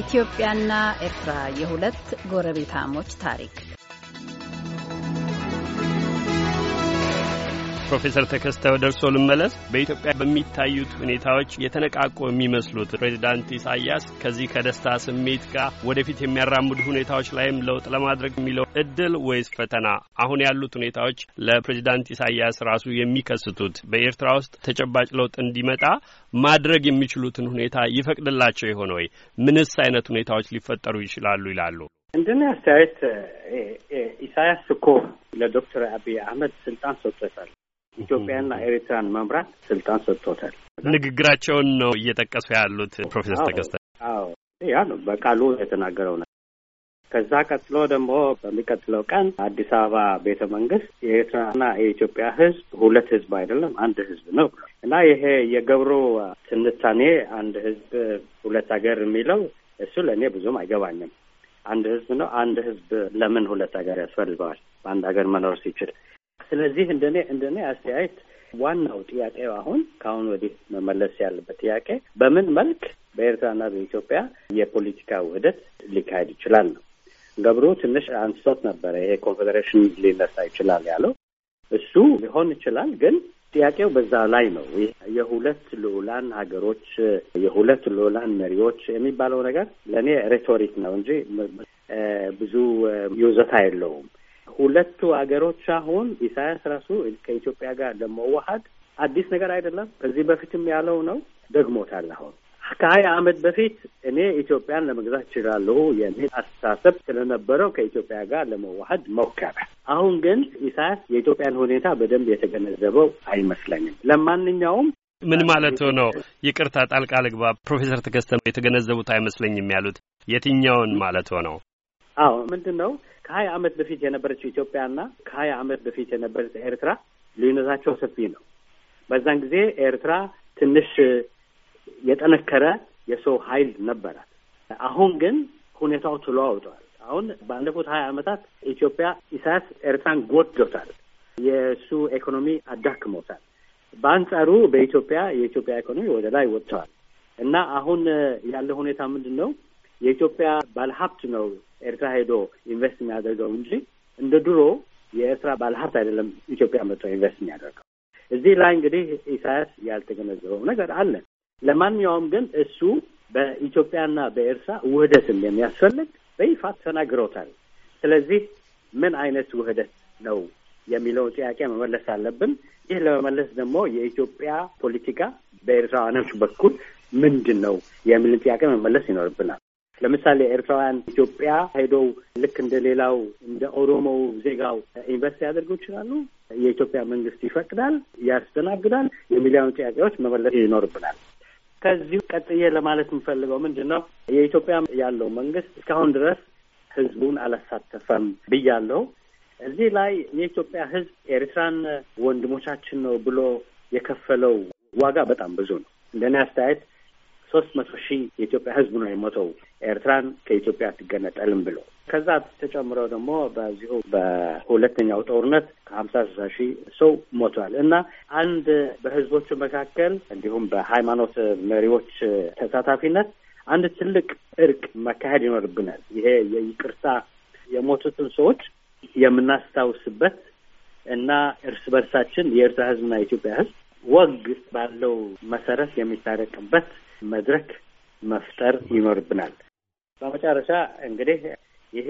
ኢትዮጵያና ኤርትራ የሁለት ጎረቤታሞች ታሪክ ፕሮፌሰር ተከስተ ደርሶ ልመለስ። በኢትዮጵያ በሚታዩት ሁኔታዎች የተነቃቆ የሚመስሉት ፕሬዚዳንት ኢሳያስ ከዚህ ከደስታ ስሜት ጋር ወደፊት የሚያራምዱ ሁኔታዎች ላይም ለውጥ ለማድረግ የሚለው እድል ወይስ ፈተና? አሁን ያሉት ሁኔታዎች ለፕሬዚዳንት ኢሳያስ ራሱ የሚከስቱት በኤርትራ ውስጥ ተጨባጭ ለውጥ እንዲመጣ ማድረግ የሚችሉትን ሁኔታ ይፈቅድላቸው የሆነ ወይ? ምንስ አይነት ሁኔታዎች ሊፈጠሩ ይችላሉ ይላሉ? እንደኔ አስተያየት ኢሳያስ እኮ ለዶክተር አብይ አህመድ ስልጣን ሰጥቶታል። ኢትዮጵያና ኤርትራን መምራት ስልጣን ሰጥቶታል። ንግግራቸውን ነው እየጠቀሱ ያሉት ፕሮፌሰር ተከስተ። አዎ ያ ነው በቃሉ የተናገረው ነው። ከዛ ቀጥሎ ደግሞ በሚቀጥለው ቀን አዲስ አበባ ቤተ መንግስት የኤርትራና የኢትዮጵያ ህዝብ ሁለት ህዝብ አይደለም አንድ ህዝብ ነው እና ይሄ የገብሩ ትንታኔ አንድ ህዝብ ሁለት ሀገር የሚለው እሱ ለእኔ ብዙም አይገባኝም። አንድ ህዝብ ነው። አንድ ህዝብ ለምን ሁለት ሀገር ያስፈልገዋል? በአንድ ሀገር መኖር ሲችል ስለዚህ እንደኔ እንደኔ አስተያየት ዋናው ጥያቄው አሁን ከአሁን ወዲህ መመለስ ያለበት ጥያቄ በምን መልክ በኤርትራና በኢትዮጵያ የፖለቲካ ውህደት ሊካሄድ ይችላል ነው። ገብሩ ትንሽ አንስቶት ነበረ። ይሄ ኮንፌዴሬሽን ሊነሳ ይችላል ያለው እሱ ሊሆን ይችላል፣ ግን ጥያቄው በዛ ላይ ነው። የሁለት ልዑላን ሀገሮች የሁለት ልዑላን መሪዎች የሚባለው ነገር ለእኔ ሬቶሪክ ነው እንጂ ብዙ ይዘት የለውም። ሁለቱ አገሮች አሁን ኢሳያስ ራሱ ከኢትዮጵያ ጋር ለመዋሀድ አዲስ ነገር አይደለም። ከዚህ በፊትም ያለው ነው፣ ደግሞታል። አሁን ከሀያ ዓመት በፊት እኔ ኢትዮጵያን ለመግዛት እችላለሁ የሚል አስተሳሰብ ስለነበረው ከኢትዮጵያ ጋር ለመዋሀድ ሞከረ። አሁን ግን ኢሳያስ የኢትዮጵያን ሁኔታ በደንብ የተገነዘበው አይመስለኝም። ለማንኛውም ምን ማለት ነው? ይቅርታ ጣልቃ ልግባ። ፕሮፌሰር ተከስተ የተገነዘቡት አይመስለኝም ያሉት የትኛውን ማለት ነው? አዎ ምንድን ነው ከሀያ ዓመት በፊት የነበረችው ኢትዮጵያና ከሀያ ዓመት በፊት የነበረች ኤርትራ ልዩነታቸው ሰፊ ነው። በዛን ጊዜ ኤርትራ ትንሽ የጠነከረ የሰው ኃይል ነበራት። አሁን ግን ሁኔታው ተለዋውጧል። አሁን ባለፉት ሀያ ዓመታት ኢትዮጵያ ኢሳያስ ኤርትራን ጎድቶታል። የእሱ ኢኮኖሚ አዳክሞታል። በአንጻሩ በኢትዮጵያ የኢትዮጵያ ኢኮኖሚ ወደ ላይ ወጥተዋል እና አሁን ያለ ሁኔታ ምንድን ነው? የኢትዮጵያ ባለሀብት ነው ኤርትራ ሄዶ ኢንቨስት የሚያደርገው እንጂ እንደ ድሮ የኤርትራ ባለሀብት አይደለም ኢትዮጵያ መጥቶ ኢንቨስት የሚያደርገው። እዚህ ላይ እንግዲህ ኢሳያስ ያልተገነዘበው ነገር አለ። ለማንኛውም ግን እሱ በኢትዮጵያና በኤርትራ ውህደት እንደሚያስፈልግ በይፋ ተናግረውታል። ስለዚህ ምን አይነት ውህደት ነው የሚለውን ጥያቄ መመለስ አለብን። ይህ ለመመለስ ደግሞ የኢትዮጵያ ፖለቲካ በኤርትራውያኖች በኩል ምንድን ነው የሚልን ጥያቄ መመለስ ይኖርብናል። ለምሳሌ ኤርትራውያን ኢትዮጵያ ሄደው ልክ እንደ ሌላው እንደ ኦሮሞ ዜጋው ኢንቨስት ያደርገው ይችላሉ። የኢትዮጵያ መንግስት ይፈቅዳል፣ ያስተናግዳል። የሚሊዮን ጥያቄዎች መመለስ ይኖርብናል። ከዚሁ ቀጥዬ ለማለት የምፈልገው ምንድን ነው፣ የኢትዮጵያ ያለው መንግስት እስካሁን ድረስ ህዝቡን አላሳተፈም ብያለሁ። እዚህ ላይ የኢትዮጵያ ህዝብ ኤርትራን ወንድሞቻችን ነው ብሎ የከፈለው ዋጋ በጣም ብዙ ነው። እንደኔ አስተያየት ሶስት መቶ ሺህ የኢትዮጵያ ህዝብ ነው የሞተው ኤርትራን ከኢትዮጵያ አትገነጠልም ብሎ ከዛ ተጨምረው ደግሞ በዚሁ በሁለተኛው ጦርነት ከሀምሳ ስሳ ሺህ ሰው ሞቷል እና አንድ በህዝቦቹ መካከል እንዲሁም በሃይማኖት መሪዎች ተሳታፊነት አንድ ትልቅ እርቅ መካሄድ ይኖርብናል። ይሄ የይቅርታ የሞቱትን ሰዎች የምናስታውስበት እና እርስ በርሳችን የኤርትራ ህዝብና የኢትዮጵያ ህዝብ ወግ ባለው መሰረት የሚታረቅበት መድረክ መፍጠር ይኖርብናል። በመጨረሻ እንግዲህ ይሄ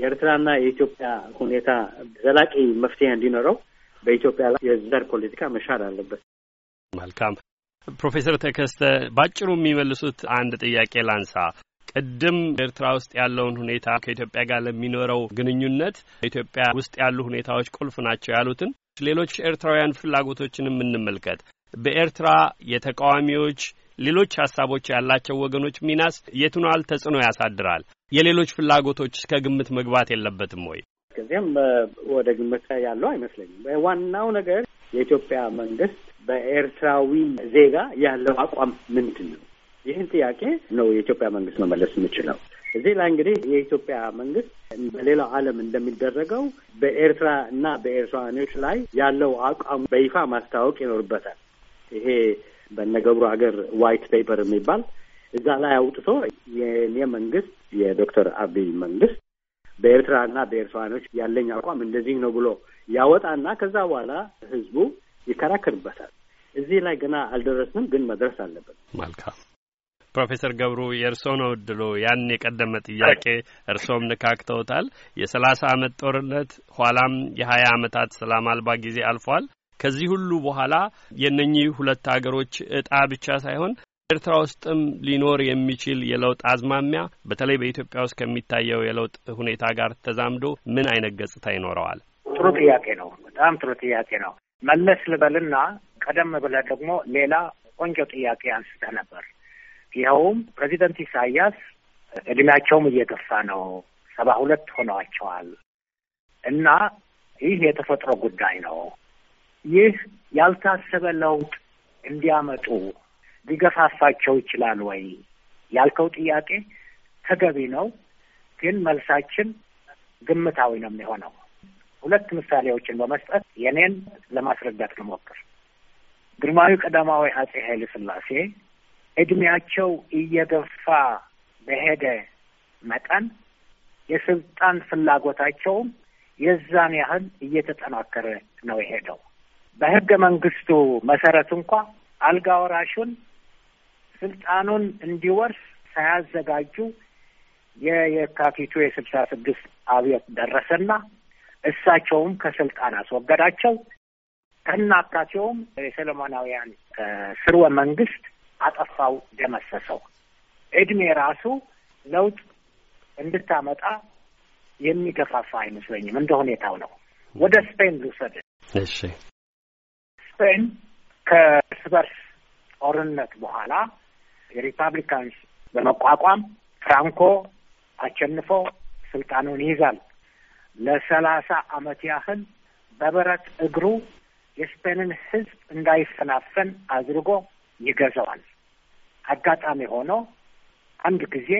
የኤርትራና የኢትዮጵያ ሁኔታ ዘላቂ መፍትሄ እንዲኖረው በኢትዮጵያ ላይ የዘር ፖለቲካ መሻር አለበት። መልካም ፕሮፌሰር ተከስተ ባጭሩ የሚመልሱት አንድ ጥያቄ ላንሳ። ቅድም ኤርትራ ውስጥ ያለውን ሁኔታ ከኢትዮጵያ ጋር ለሚኖረው ግንኙነት ኢትዮጵያ ውስጥ ያሉ ሁኔታዎች ቁልፍ ናቸው ያሉትን ሌሎች ኤርትራውያን ፍላጎቶችንም እንመልከት። በኤርትራ የተቃዋሚዎች ሌሎች ሀሳቦች ያላቸው ወገኖች ሚናስ የትኗል ተጽዕኖ ያሳድራል? የሌሎች ፍላጎቶች እስከ ግምት መግባት የለበትም ወይ? ከዚያም ወደ ግምት ያለው አይመስለኝም። ዋናው ነገር የኢትዮጵያ መንግስት በኤርትራዊ ዜጋ ያለው አቋም ምንድን ነው? ይህን ጥያቄ ነው የኢትዮጵያ መንግስት መመለስ የምችለው። እዚህ ላይ እንግዲህ የኢትዮጵያ መንግስት በሌላው ዓለም እንደሚደረገው በኤርትራ እና በኤርትራውያኖች ላይ ያለው አቋም በይፋ ማስታወቅ ይኖርበታል። ይሄ በነገብሩ ሀገር ዋይት ፔፐር የሚባል እዛ ላይ አውጥቶ የኔ መንግስት የዶክተር አብይ መንግስት በኤርትራና በኤርትራኖች ያለኝ አቋም እንደዚህ ነው ብሎ ያወጣና ከዛ በኋላ ህዝቡ ይከራከርበታል። እዚህ ላይ ገና አልደረስንም፣ ግን መድረስ አለበት። መልካም ፕሮፌሰር ገብሩ የእርስዎ ነው እድሉ። ያን የቀደመ ጥያቄ እርስዎም ነካክተውታል። የሰላሳ አመት ጦርነት ኋላም የሀያ አመታት ሰላም አልባ ጊዜ አልፏል። ከዚህ ሁሉ በኋላ የእነኚህ ሁለት አገሮች እጣ ብቻ ሳይሆን ኤርትራ ውስጥም ሊኖር የሚችል የለውጥ አዝማሚያ በተለይ በኢትዮጵያ ውስጥ ከሚታየው የለውጥ ሁኔታ ጋር ተዛምዶ ምን አይነት ገጽታ ይኖረዋል? ጥሩ ጥያቄ ነው። በጣም ጥሩ ጥያቄ ነው። መለስ ልበልና ቀደም ብለህ ደግሞ ሌላ ቆንጆ ጥያቄ አንስተህ ነበር። ይኸውም ፕሬዚደንት ኢሳያስ እድሜያቸውም እየገፋ ነው፣ ሰባ ሁለት ሆነዋቸዋል እና ይህ የተፈጥሮ ጉዳይ ነው። ይህ ያልታሰበ ለውጥ እንዲያመጡ ሊገፋፋቸው ይችላል ወይ ያልከው ጥያቄ ተገቢ ነው፣ ግን መልሳችን ግምታዊ ነው የሚሆነው። ሁለት ምሳሌዎችን በመስጠት የኔን ለማስረዳት ልሞክር። ግርማዊ ቀዳማዊ አጼ ኃይለ ሥላሴ እድሜያቸው እየገፋ በሄደ መጠን የስልጣን ፍላጎታቸውም የዛን ያህል እየተጠናከረ ነው የሄደው። በህገ መንግስቱ መሰረት እንኳ አልጋ ወራሹን ስልጣኑን እንዲወርስ ሳያዘጋጁ የየካቲቱ የስልሳ ስድስት አብዮት ደረሰና እሳቸውም ከስልጣን አስወገዳቸው። ከናካቴውም የሰለሞናውያን ስርወ መንግስት አጠፋው፣ ደመሰሰው። እድሜ ራሱ ለውጥ እንድታመጣ የሚገፋፋ አይመስለኝም። እንደ ሁኔታው ነው። ወደ ስፔን ልውሰድ። እሺ ስፔን ከእርስ በርስ ጦርነት በኋላ የሪፐብሊካንስ በመቋቋም ፍራንኮ አሸንፎ ስልጣኑን ይይዛል። ለሰላሳ አመት ያህል በብረት እግሩ የስፔንን ህዝብ እንዳይፈናፈን አድርጎ ይገዛዋል። አጋጣሚ ሆኖ አንድ ጊዜ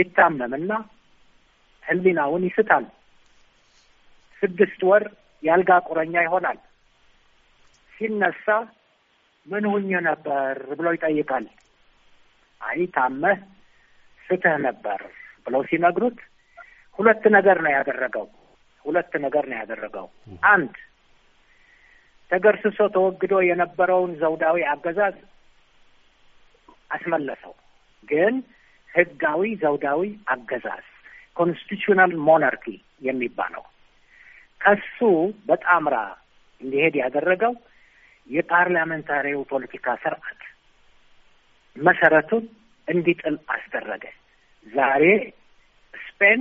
ይታመምና ህሊናውን ይስታል። ስድስት ወር ያልጋ ቁረኛ ይሆናል። ሲነሳ ምን ሁኜ ነበር ብሎ ይጠይቃል። አይ ታመህ ስትህ ነበር ብለው ሲነግሩት ሁለት ነገር ነው ያደረገው። ሁለት ነገር ነው ያደረገው። አንድ ተገርስሶ ተወግዶ የነበረውን ዘውዳዊ አገዛዝ አስመለሰው። ግን ህጋዊ ዘውዳዊ አገዛዝ ኮንስቲቱሽናል ሞናርኪ የሚባለው ከሱ በጣምራ እንዲሄድ ያደረገው የፓርላመንታሪው ፖለቲካ ስርዓት መሰረቱን እንዲጥል አስደረገ። ዛሬ ስፔን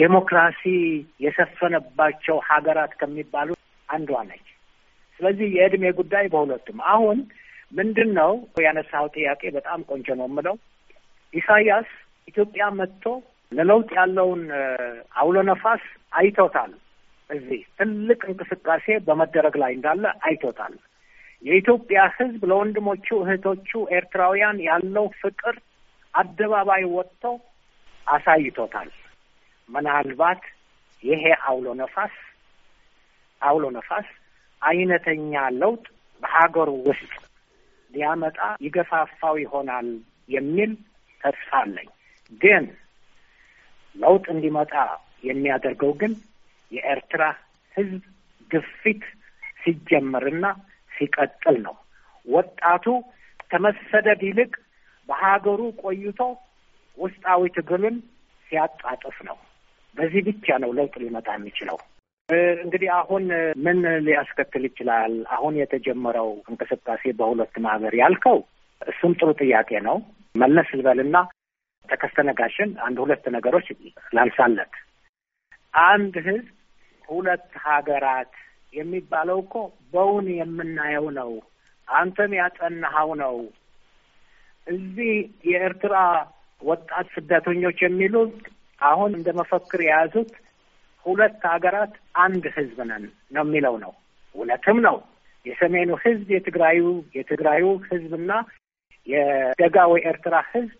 ዴሞክራሲ የሰፈነባቸው ሀገራት ከሚባሉ አንዷ ነች። ስለዚህ የእድሜ ጉዳይ በሁለቱም አሁን ምንድን ነው ያነሳው ጥያቄ በጣም ቆንጆ ነው የምለው ኢሳያስ ኢትዮጵያ መጥቶ ለለውጥ ያለውን አውሎ ነፋስ አይተውታል። እዚህ ትልቅ እንቅስቃሴ በመደረግ ላይ እንዳለ አይቶታል። የኢትዮጵያ ሕዝብ ለወንድሞቹ እህቶቹ ኤርትራውያን ያለው ፍቅር አደባባይ ወጥቶ አሳይቶታል። ምናልባት ይሄ አውሎ ነፋስ አውሎ ነፋስ አይነተኛ ለውጥ በሀገሩ ውስጥ ሊያመጣ ይገፋፋው ይሆናል የሚል ተስፋ አለኝ። ግን ለውጥ እንዲመጣ የሚያደርገው ግን የኤርትራ ህዝብ ግፊት ሲጀመርና ሲቀጥል ነው። ወጣቱ ከመሰደድ ይልቅ በሀገሩ ቆይቶ ውስጣዊ ትግሉን ሲያጣጥፍ ነው። በዚህ ብቻ ነው ለውጥ ሊመጣ የሚችለው። እንግዲህ አሁን ምን ሊያስከትል ይችላል? አሁን የተጀመረው እንቅስቃሴ በሁለት ማህበር ያልከው እሱም ጥሩ ጥያቄ ነው። መለስ ልበልና ተከስተነጋሽን አንድ ሁለት ነገሮች ላንሳለት። አንድ ህዝብ ሁለት ሀገራት የሚባለው እኮ በውን የምናየው ነው። አንተም ያጠናኸው ነው። እዚህ የኤርትራ ወጣት ስደተኞች የሚሉት አሁን እንደ መፈክር የያዙት ሁለት ሀገራት አንድ ህዝብ ነን ነው የሚለው ነው። እውነትም ነው። የሰሜኑ ህዝብ የትግራዩ የትግራዩ ሕዝብና የደጋው የኤርትራ ህዝብ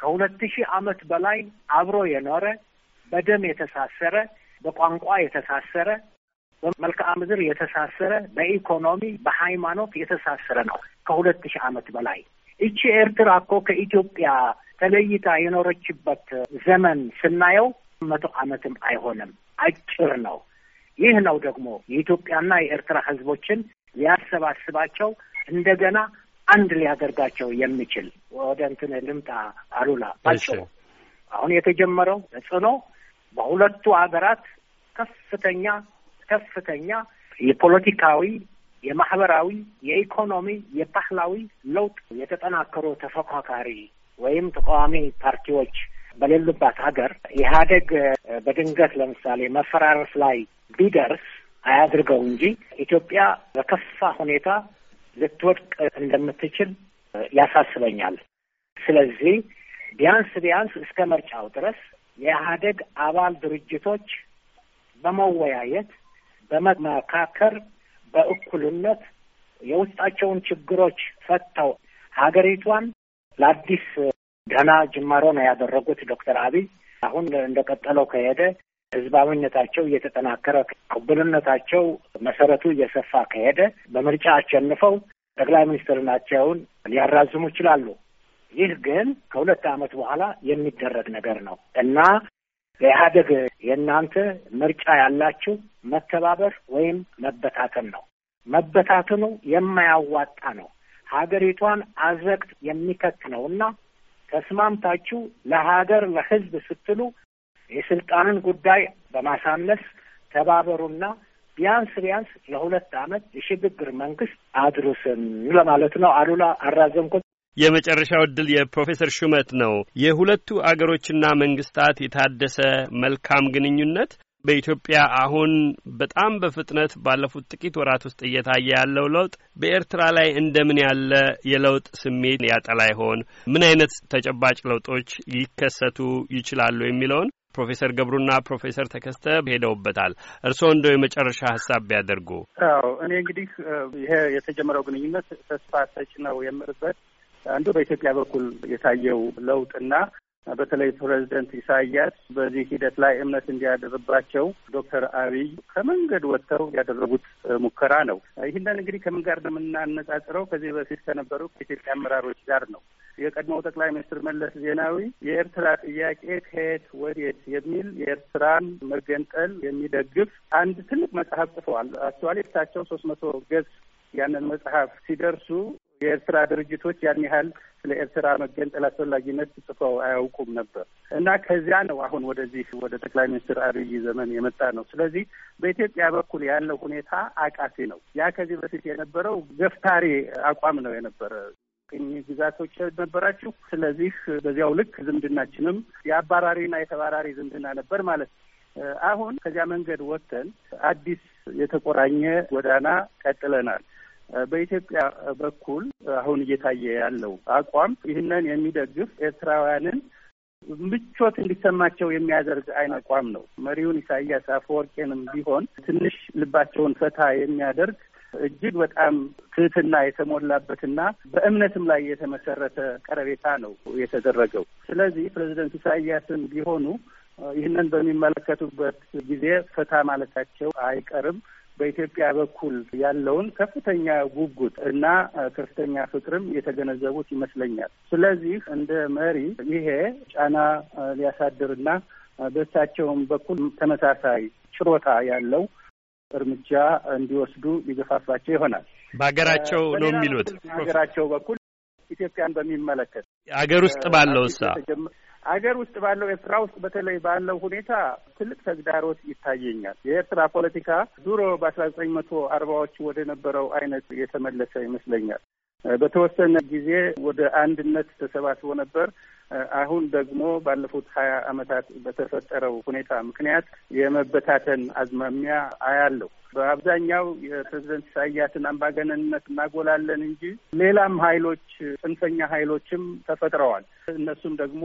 ከሁለት ሺህ ዓመት በላይ አብሮ የኖረ በደም የተሳሰረ በቋንቋ የተሳሰረ፣ በመልክዓ ምድር የተሳሰረ፣ በኢኮኖሚ በሃይማኖት የተሳሰረ ነው ከሁለት ሺህ ዓመት በላይ እቺ ኤርትራ እኮ ከኢትዮጵያ ተለይታ የኖረችበት ዘመን ስናየው መቶ ዓመትም አይሆንም፣ አጭር ነው። ይህ ነው ደግሞ የኢትዮጵያና የኤርትራ ህዝቦችን ሊያሰባስባቸው እንደገና አንድ ሊያደርጋቸው የሚችል ወደ እንትን ልምጣ አሉላ ባጭሩ አሁን የተጀመረው ጽኖ በሁለቱ ሀገራት ከፍተኛ ከፍተኛ የፖለቲካዊ፣ የማህበራዊ፣ የኢኮኖሚ፣ የባህላዊ ለውጥ የተጠናከሩ ተፎካካሪ ወይም ተቃዋሚ ፓርቲዎች በሌሉባት ሀገር ኢህአዴግ በድንገት ለምሳሌ መፈራረስ ላይ ቢደርስ አያድርገው እንጂ ኢትዮጵያ በከፋ ሁኔታ ልትወድቅ እንደምትችል ያሳስበኛል። ስለዚህ ቢያንስ ቢያንስ እስከ ምርጫው ድረስ የኢህአደግ አባል ድርጅቶች በመወያየት በመመካከር በእኩልነት የውስጣቸውን ችግሮች ፈተው ሀገሪቷን ለአዲስ ገና ጅማሮ ነው ያደረጉት። ዶክተር አብይ አሁን እንደቀጠለው ከሄደ ህዝባዊነታቸው እየተጠናከረ ቅቡልነታቸው መሰረቱ እየሰፋ ከሄደ በምርጫ አሸንፈው ጠቅላይ ሚኒስትርናቸውን ሊያራዝሙ ይችላሉ። ይህ ግን ከሁለት ዓመት በኋላ የሚደረግ ነገር ነው እና በኢህአደግ የእናንተ ምርጫ ያላችሁ መተባበር ወይም መበታተን ነው። መበታተኑ የማያዋጣ ነው፣ ሀገሪቷን አዘቅት የሚከት ነው እና ተስማምታችሁ ለሀገር ለህዝብ ስትሉ የስልጣንን ጉዳይ በማሳነስ ተባበሩና ቢያንስ ቢያንስ ለሁለት ዓመት የሽግግር መንግስት አድርስን ለማለት ነው። አሉላ አራዘምኩት። የመጨረሻው እድል የፕሮፌሰር ሹመት ነው። የሁለቱ አገሮችና መንግስታት የታደሰ መልካም ግንኙነት በኢትዮጵያ አሁን በጣም በፍጥነት ባለፉት ጥቂት ወራት ውስጥ እየታየ ያለው ለውጥ በኤርትራ ላይ እንደምን ያለ የለውጥ ስሜት ያጠላ ይሆን? ምን አይነት ተጨባጭ ለውጦች ሊከሰቱ ይችላሉ የሚለውን ፕሮፌሰር ገብሩና ፕሮፌሰር ተከስተ ሄደውበታል። እርስዎ እንደው የመጨረሻ ሀሳብ ቢያደርጉ። አዎ እኔ እንግዲህ ይሄ የተጀመረው ግንኙነት ተስፋ ሰጭ ነው የምርበት አንዱ በኢትዮጵያ በኩል የታየው ለውጥና በተለይ ፕሬዚደንት ኢሳያስ በዚህ ሂደት ላይ እምነት እንዲያደርባቸው ዶክተር አብይ ከመንገድ ወጥተው ያደረጉት ሙከራ ነው። ይህንን እንግዲህ ከምን ጋር እንደምናነጻጽረው ከዚህ በፊት ከነበሩ ከኢትዮጵያ አመራሮች ጋር ነው። የቀድሞው ጠቅላይ ሚኒስትር መለስ ዜናዊ የኤርትራ ጥያቄ ከየት ወዴት የሚል የኤርትራን መገንጠል የሚደግፍ አንድ ትልቅ መጽሐፍ ጽፈዋል። አክቹዋሊ እሳቸው ሶስት መቶ ገጽ ያንን መጽሐፍ ሲደርሱ የኤርትራ ድርጅቶች ያን ያህል ስለ ኤርትራ መገንጠል አስፈላጊነት ጽፈው አያውቁም ነበር እና ከዚያ ነው አሁን ወደዚህ ወደ ጠቅላይ ሚኒስትር አብይ ዘመን የመጣ ነው። ስለዚህ በኢትዮጵያ በኩል ያለው ሁኔታ አቃፊ ነው። ያ ከዚህ በፊት የነበረው ገፍታሪ አቋም ነው የነበረ ቅኝ ግዛቶች ነበራችሁ። ስለዚህ በዚያው ልክ ዝምድናችንም የአባራሪና የተባራሪ ዝምድና ነበር ማለት ነው። አሁን ከዚያ መንገድ ወጥተን አዲስ የተቆራኘ ጎዳና ቀጥለናል። በኢትዮጵያ በኩል አሁን እየታየ ያለው አቋም ይህንን የሚደግፍ ኤርትራውያንን ምቾት እንዲሰማቸው የሚያደርግ አይነት አቋም ነው። መሪውን ኢሳያስ አፈወርቄንም ቢሆን ትንሽ ልባቸውን ፈታ የሚያደርግ እጅግ በጣም ትህትና የተሞላበትና በእምነትም ላይ የተመሰረተ ቀረቤታ ነው የተደረገው። ስለዚህ ፕሬዚደንት ኢሳያስም ቢሆኑ ይህንን በሚመለከቱበት ጊዜ ፈታ ማለታቸው አይቀርም። በኢትዮጵያ በኩል ያለውን ከፍተኛ ጉጉት እና ከፍተኛ ፍቅርም የተገነዘቡት ይመስለኛል። ስለዚህ እንደ መሪ ይሄ ጫና ሊያሳድርና በእሳቸውም በኩል ተመሳሳይ ችሮታ ያለው እርምጃ እንዲወስዱ ሊገፋፋቸው ይሆናል። በሀገራቸው ነው የሚሉት። በሀገራቸው በኩል ኢትዮጵያን በሚመለከት አገር ውስጥ ባለው እሳ አገር ውስጥ ባለው ኤርትራ ውስጥ በተለይ ባለው ሁኔታ ትልቅ ተግዳሮት ይታየኛል። የኤርትራ ፖለቲካ ድሮ በአስራ ዘጠኝ መቶ አርባዎች ወደ ነበረው አይነት የተመለሰ ይመስለኛል። በተወሰነ ጊዜ ወደ አንድነት ተሰባስቦ ነበር። አሁን ደግሞ ባለፉት ሀያ ዓመታት በተፈጠረው ሁኔታ ምክንያት የመበታተን አዝማሚያ አያለሁ። በአብዛኛው የፕሬዝደንት ኢሳያስን አምባገነንነት እናጎላለን እንጂ ሌላም ሀይሎች ጽንፈኛ ሀይሎችም ተፈጥረዋል። እነሱም ደግሞ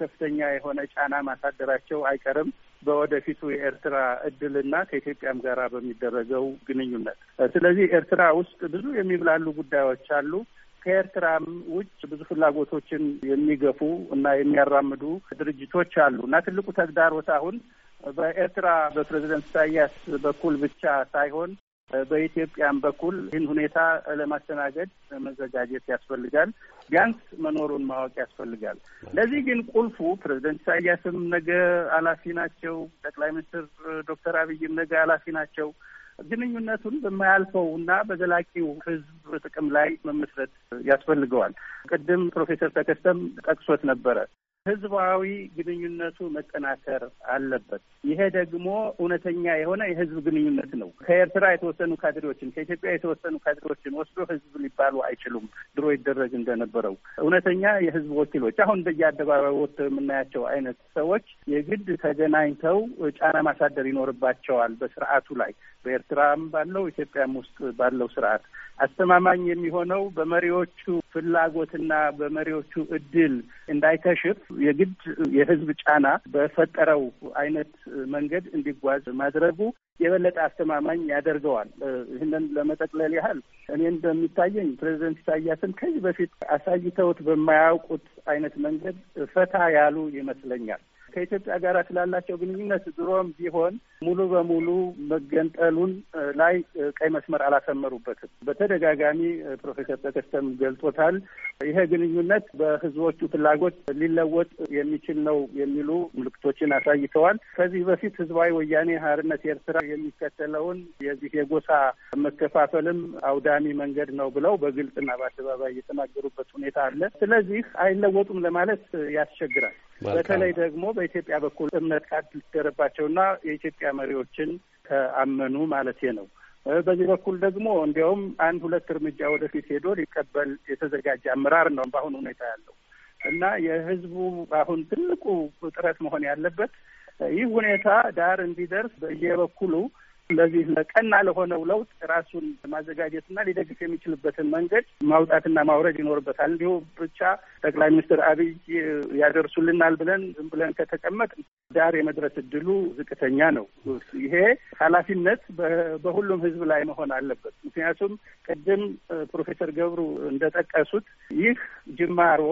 ከፍተኛ የሆነ ጫና ማሳደራቸው አይቀርም በወደፊቱ የኤርትራ እድልና ከኢትዮጵያም ጋራ በሚደረገው ግንኙነት። ስለዚህ ኤርትራ ውስጥ ብዙ የሚብላሉ ጉዳዮች አሉ። ከኤርትራም ውጭ ብዙ ፍላጎቶችን የሚገፉ እና የሚያራምዱ ድርጅቶች አሉ እና ትልቁ ተግዳሮት አሁን በኤርትራ በፕሬዚደንት ኢሳያስ በኩል ብቻ ሳይሆን በኢትዮጵያም በኩል ይህን ሁኔታ ለማስተናገድ መዘጋጀት ያስፈልጋል። ቢያንስ መኖሩን ማወቅ ያስፈልጋል። ለዚህ ግን ቁልፉ ፕሬዚደንት ኢሳያስም ነገ አላፊ ናቸው። ጠቅላይ ሚኒስትር ዶክተር አብይም ነገ አላፊ ናቸው። ግንኙነቱን በማያልፈው እና በዘላቂው ህዝብ ጥቅም ላይ መመስረት ያስፈልገዋል። ቅድም ፕሮፌሰር ተከስተም ጠቅሶት ነበረ። ህዝባዊ ግንኙነቱ መጠናከር አለበት። ይሄ ደግሞ እውነተኛ የሆነ የህዝብ ግንኙነት ነው። ከኤርትራ የተወሰኑ ካድሬዎችን፣ ከኢትዮጵያ የተወሰኑ ካድሬዎችን ወስዶ ህዝብ ሊባሉ አይችሉም። ድሮ ይደረግ እንደነበረው እውነተኛ የህዝብ ወኪሎች፣ አሁን በየአደባባይ ወጥተው የምናያቸው አይነት ሰዎች የግድ ተገናኝተው ጫና ማሳደር ይኖርባቸዋል በስርዓቱ ላይ በኤርትራም ባለው ኢትዮጵያም ውስጥ ባለው ስርዓት አስተማማኝ የሚሆነው በመሪዎቹ ፍላጎትና በመሪዎቹ እድል እንዳይከሽፍ የግድ የህዝብ ጫና በፈጠረው አይነት መንገድ እንዲጓዝ ማድረጉ የበለጠ አስተማማኝ ያደርገዋል። ይህንን ለመጠቅለል ያህል እኔ እንደሚታየኝ ፕሬዚደንት ኢሳያስን ከዚህ በፊት አሳይተውት በማያውቁት አይነት መንገድ ፈታ ያሉ ይመስለኛል። ከኢትዮጵያ ጋር ስላላቸው ግንኙነት ድሮም ቢሆን ሙሉ በሙሉ መገንጠሉን ላይ ቀይ መስመር አላሰመሩበትም። በተደጋጋሚ ፕሮፌሰር ተከስተም ገልጾታል። ይሄ ግንኙነት በህዝቦቹ ፍላጎት ሊለወጥ የሚችል ነው የሚሉ ምልክቶችን አሳይተዋል። ከዚህ በፊት ህዝባዊ ወያኔ ሀርነት ኤርትራ የሚከተለውን የዚህ የጎሳ መከፋፈልም አውዳሚ መንገድ ነው ብለው በግልጽና በአደባባይ የተናገሩበት ሁኔታ አለ። ስለዚህ አይለወጡም ለማለት ያስቸግራል። በተለይ ደግሞ በኢትዮጵያ በኩል እምነት ካደረባቸውና የኢትዮጵያ መሪዎችን ከአመኑ ማለት ነው። በዚህ በኩል ደግሞ እንዲያውም አንድ ሁለት እርምጃ ወደፊት ሄዶ ሊቀበል የተዘጋጀ አመራር ነው በአሁኑ ሁኔታ ያለው እና የህዝቡ አሁን ትልቁ ጥረት መሆን ያለበት ይህ ሁኔታ ዳር እንዲደርስ በየበኩሉ ለዚህ ቀና ለሆነው ለውጥ ራሱን ማዘጋጀትና ሊደግፍ የሚችልበትን መንገድ ማውጣትና ማውረድ ይኖርበታል። እንዲሁ ብቻ ጠቅላይ ሚኒስትር አብይ ያደርሱልናል ብለን ዝም ብለን ከተቀመጥ ዳር የመድረስ እድሉ ዝቅተኛ ነው። ይሄ ኃላፊነት በሁሉም ህዝብ ላይ መሆን አለበት። ምክንያቱም ቅድም ፕሮፌሰር ገብሩ እንደጠቀሱት ይህ ጅማሮ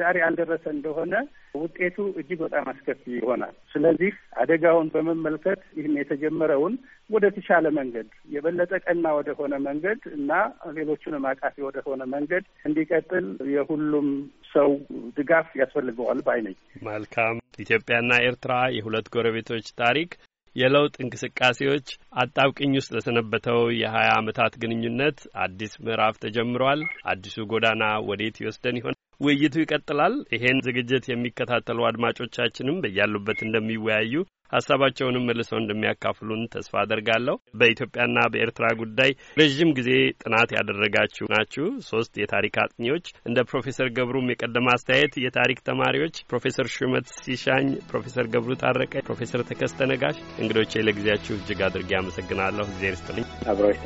ዳር ያልደረሰ እንደሆነ ውጤቱ እጅግ በጣም አስከፊ ይሆናል። ስለዚህ አደጋውን በመመልከት ይህን የተጀመረውን ወደ ተሻለ መንገድ የበለጠ ቀና ወደሆነ መንገድ እና ሌሎቹንም አቃፊ ሆነ መንገድ እንዲቀጥል የሁሉም ሰው ድጋፍ ያስፈልገዋል ባይ ነኝ። መልካም። ኢትዮጵያና ኤርትራ የሁለት ጎረቤቶች ታሪክ የለውጥ እንቅስቃሴዎች አጣብቅኝ ውስጥ ለሰነበተው የሀያ ዓመታት ግንኙነት አዲስ ምዕራፍ ተጀምሯል። አዲሱ ጎዳና ወዴት ይወስደን ይሆን? ውይይቱ ይቀጥላል። ይሄን ዝግጅት የሚከታተሉ አድማጮቻችንም በያሉበት እንደሚወያዩ ሀሳባቸውንም መልሰው እንደሚያካፍሉን ተስፋ አደርጋለሁ። በኢትዮጵያና በኤርትራ ጉዳይ ረዥም ጊዜ ጥናት ያደረጋችሁ ናችሁ ሶስት የታሪክ አጥኚዎች እንደ ፕሮፌሰር ገብሩም የቀደመ አስተያየት የታሪክ ተማሪዎች ፕሮፌሰር ሹመት ሲሻኝ፣ ፕሮፌሰር ገብሩ ታረቀ፣ ፕሮፌሰር ተከስተ ነጋሽ እንግዶቼ ለጊዜያችሁ እጅግ አድርጌ አመሰግናለሁ። እግዜር ይስጥልኝ። አብሮታ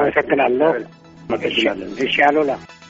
አመሰግናለሁ። መቀሻለን ሻ